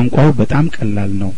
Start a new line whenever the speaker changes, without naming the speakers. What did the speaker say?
ቋንቋው በጣም ቀላል ነው